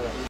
Gracias.